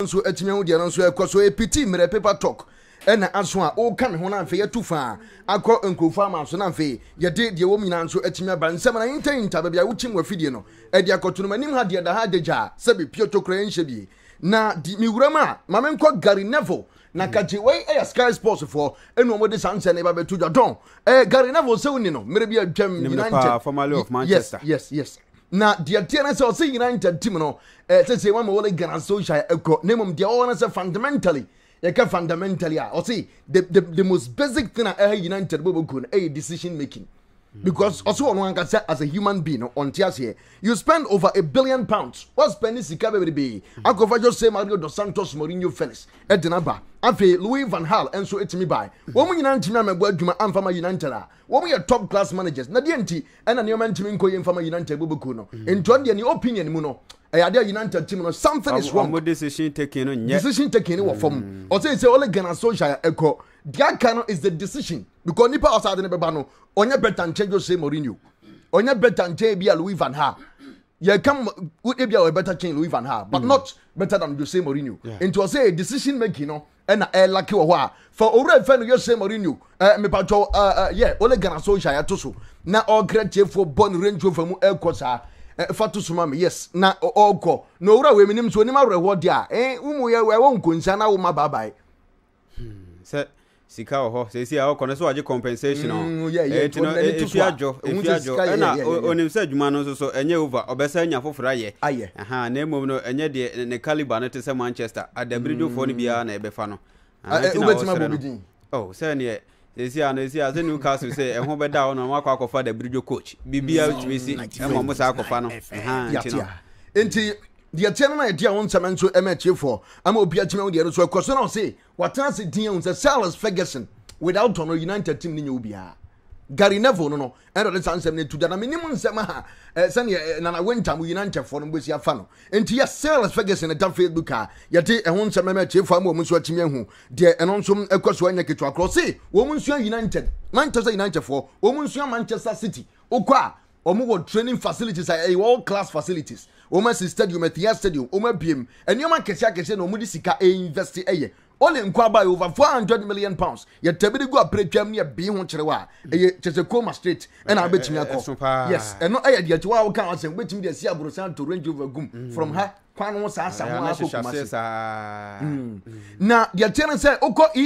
nso atumi ahu no nso ɛkɔ so ɛpiti mmerɛ paper talk ɛna aso a ɔka me ho no afei yɛto faa akɔ nkurɔfoɔ ama so no afei yɛde deɛ wɔm nyinaa nso atumi aba nsɛm na yɛntayinta baabi a wokyim wafidie no ɛde akɔto no m'anim ha deɛ da ha adagyaa sɛbe pio tokora yɛnhyɛ bie na di mi wura mu a maame nkɔ gary neville na mm. kagye wei ɛyɛ sky sports foɔ ɛna wɔn de saa nsɛn na ɛba dɔn ɛɛ gary neville sɛw ni no mmerɛ bi atwam nyinaa nkyɛn yes yes yes na deɛ teɛ no sɛ ɔsɛ nyinaa ntantim no sɛsɛ ma ma wɔle gana sohyia ɛkɔ na mmom deɛ ɔwɔ no sɛ fundamentally yɛka fundamentally a ɔse the, the, the most basic thing a ɛha nyinaa ntanebɔ bɛkuo no ɛyɛ decision making Mm. because ɔsi wɔn ankasa as a human being ɔnte aseɛ you spend over a billion pounds wɔn spending sika bebree mm. akɔfa jose mario dos santos mourinho Fenis, ɛdina ba afei louis van hal nso etimi ba mm. wɔn mu nyinaa ntumi amagbo adwuma anfama united a wɔn mu yɛ top class managers na deɛ nti ɛna nneɛma ntumi nkɔ yɛ nfama united boboko no ntɔn deɛ ne opinion mu no ɛyɛ adeɛ united team no something is wrong decision taking no nyɛ decision taking no wɔ fam ɔsɛ sɛ ɔle ghana social ɛkɔ deɛ aka no is the decision because nipa ɔsaade ne bɛba no ɔnyɛ bɛta nkyɛn jose mourinho ɔnyɛ bɛta nkyɛn bi a louis van Ha, yɛka ebi a ɔyɛ bɛta kyɛn louis van Ha, but hmm. not better than jose mourinho yeah. nti ɔsɛ decision making no ɛna eh, ɛlaki eh, wɔ hɔ a fa owurɛ fɛn no jose mourinho ɛɛ mipatɔ ɛɛ yɛ ole Ghana so nhyɛ ayɛto so na ɔkira tiɛfo bɔ ne range of mu ɛkɔ eh, saa ɛfa to so ma mi yes na ɔkɔ na owurɛ wɔ eminim so onim awurɛ wɔ di a ɛɛ umu yɛ ɛwɔ nkonsa na awoma baabae. Hmm. sɛ sika wɔ hɔ sɛsi a ɔkɔ no sɛ wagye compensation ɛfi mm, eh, eh, eh, adwo ɛfi adwo ɛna onim sɛ adwuma no nso so ɛnyɛ over ɔbɛsɛ nya foforɔ ayɛ na mmom no ɛnyɛ deɛ ne caliber no te sɛ manchester adabiridofoɔ no mm. biara na ɛbɛfa no wobɛtumi abɔ din oh, sɛneɛ sɛsi a no ɛsi a sɛ newcastle sɛ ɛho bɛda hɔ no ɔmakɔ akɔfa adabirido coach biribia mm. tumi si ɛma mo saa akɔfa no nti deɛ tiɛ no na yɛde a wo nsɛm nso ɛma akyiefoɔ ama obi akyima wo deɛ no so ɛkɔ so na ɔse watena ase din ahu sɛ charles ferguson without ɔno united team ne nyɛ wo biara gary neville no no ɛna ɔde saa nsɛm no atu da na menim nsɛm a sɛneɛ nana wentam unitedfoɔ no mbɛsi afa no enti yɛ charles ferguson da facebook a yɛde ɛho nsɛm ɛma akyiefoɔ ama ɔmo nso akyimi ahu deɛ ɛno nso ɛkɔ so anya ketewa korɔ se wɔm nsua united manchester United unitedfoɔ wɔm nsua manchester city wokɔ a ɔmo wɔ training facilities a ɛyɛ all class facilities wɔn si stadium atia stadium wɔn abiem nneɛma akɛse akɛse na wɔn de sika invest ɛyɛ only nkwaba over four hundred million pounds yɛ tɛbili gu apere twam ne yɛ bii ho kyerɛ wa ɛyɛ kyerɛ koma street ɛna abɛtumi akɔ yes ɛno ɛyɛ eh, deɛ tiwa awo kan ɔsɛn wobɛtumi deɛ si aburusan to range over gum mm. from ha kwan eh, ho sa saa ho akɔ kuma se na deɛ tiɛ no sɛ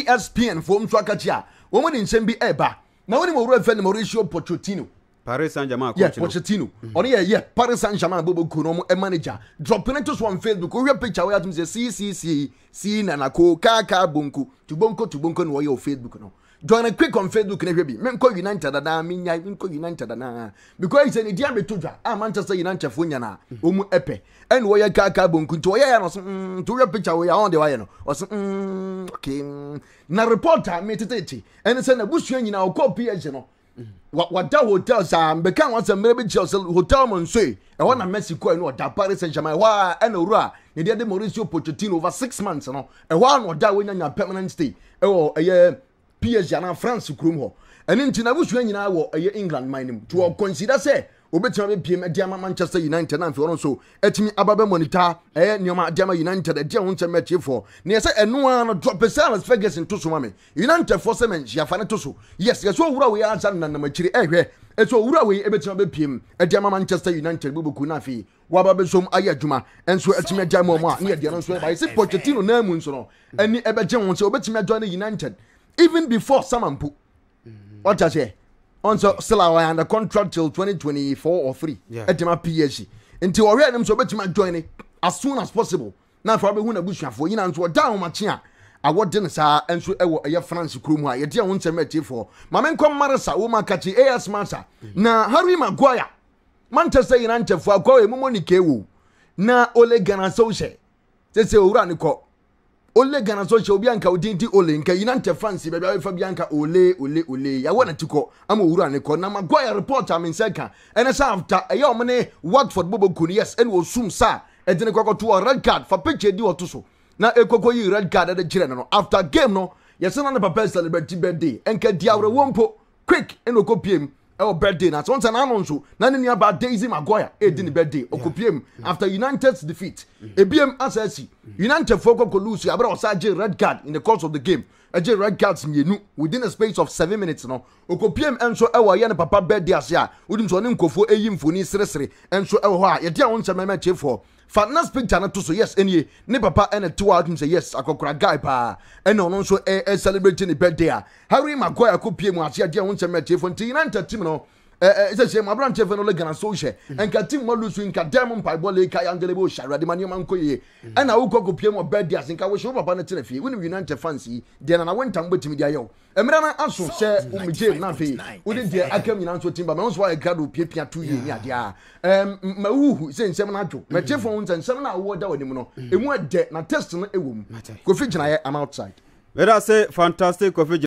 espn fo nso akakyi a wɔn mu de nsɛm bi ɛɛba na wɔn ni mo wura fɛ no mauricio pochettino Paris Saint-Germain coach. Yeah, Pochettino. Mm -hmm. Oni yeah, yeah, Paris Saint-Germain bobo kuno mo e manager. Drop it to on Facebook. We picture where them say si si si see na na ko ka ka bonku. Tu bonko tu bonko Facebook no. Join a quick on Facebook na hwebi. Me nko United da me nya me nko United da Because say dia me to dwa. Ah Manchester United fo nya na. Omu epe. And we ka ka bonku. ya no so mm tu we picture we on the way no. Oso mm okay. Na reporter me tete. And say na busua nyina o copy no wada hotel saa mbɛka wɔn sɛ mmerɛ bi kyerɛ sɛ hotel mu nso yi ɛhɔ na mm. messi kɔɛ no ɔda paris saint germain ɛhɔ a ɛna owura ne deɛ de mauricio pochettino over six months no ɛhɔ a na ɔda wɔnyanya permanent stay ɛwɔ ɛyɛ psg anaa france kurom hɔ ɛne nti na abusua nyinaa wɔ ɛyɛ england man no mu to mm. ɔconsider sɛ obetumi abepiem ɛdi ama manchester united na afei ɔno nso ɛtumi aba bɛ mɔnita ɛyɛ nneɛma ɛdi ama united ɛdi a wɔn nsɛm ɛkyi fɔ nea sɛ ɛnua no drop pɛsɛ alas ferguson to so ma mi united fɔ sɛ mɛ nhyiafa ne to so yes yɛsɛ owura wo yɛ ansa nenam akyiri ɛhwɛ ɛsɛ owura wei ɛbɛtumi abɛpiem ɛde ama manchester united bobɔku no afei waba bɛsom ayɛ adwuma ɛnso atumi agya ma ɔmo a ne yɛdeɛ no nso ɛbae sɛ pochettino nan mu nso no ɛni ɛbɛgye ho sɛ wobɛtumi adwa no united even before Samampu mpo ɔta sɛ ɔnso still awa under contract till twenty twenty four or three ɛtɛm a phd nti ɔhwɛ anim sɛ ɔbɛtumi adjoin as soon as possible na afɔ abɛhu n'abusuafoɔ yina nso ɔda ahomakye a awɔde ne saa nso ɛwɔ ɛyɛ france kurom a yɛde ɛho nsɛm ɛtiefoɔ maame nkɔ marisa wɔn akakye as marisa na harry maguire manchester united fo akɔ emu mo nike wo na ole ghana sɛ ɔhyɛ sɛ sɛ owura ole ghana so hyɛ obi anka odin ti ole nka yina ntɛ france baabi a bi anka ole ole ole yawɔ na ti kɔ ama owura ne kɔ na maguire report a mi ka ɛna sɛ after ɛyɛ wɔn ne watford bobo kun yes ɛna osum sa ɛdi ne kɔkɔ to wɔ red card fa picture di wɔto so na ekoko yi red card ɛde kyerɛ no no after game no yɛsɛ na ne papa celebrate birthday nka di awurɛ wɔn quick ɛna okɔ pie mu eh, ɛwɔ birthday na sɔn sɛn ano nso na ne nuaba daisy maguire ɛdi ne mm. birthday okɔ pie mu after united defeat ebiem asɛsi united fo kɔ kɔluusu abira ɔsa agye red card in the course of the game agye red cards mmienu within a space of seven minutes no okopiem nso ɛwɔ ɛyɛ ne papa e, e, birthday ase a wodim sɛ ɔne nkɔfoɔ ɛyi mfoni seresere nso ɛwɔ hɔ a yɛde a wɔn nsɛm ɛmɛ kyefoɔ fatness picture no to so yes ɛnie ne papa ɛna te hɔ a wotim sɛ yes akɔkora guy paa ɛna ɔno nso ɛɛ celebrate ne birthday a harry maguire akopiem ase adeɛ a wɔn nsɛm ɛmɛ kyefoɔ nti united team no sɛ sɛ mabrante fɛ no le gana so hyɛ nka ti mma lusu nka dan mu mpaebɔ le ka yangele bo hyɛ awurade ma nneɛma nkɔ yie ɛna wokɔ kopie mu ɔbɛ di ase nka wohyɛ wo papa no tena fie wonim united fans yi deɛ nana wontam bɛtumi de ayɛ wo mmerɛ no aso sɛ omegye na afei wode deɛ akam nyinaa nso tim ba mɛwo so woayɛ grado piapia to yie ne adeɛ a mawohu sɛ nsɛm no adwo matiefoɔ wo nsɛ nsɛm no a wowɔ da w'anim no ɛmu ɛdɛ na test no ɛwɔ mu kofi gyinaeɛ am outside mɛda sɛ fantastic kofi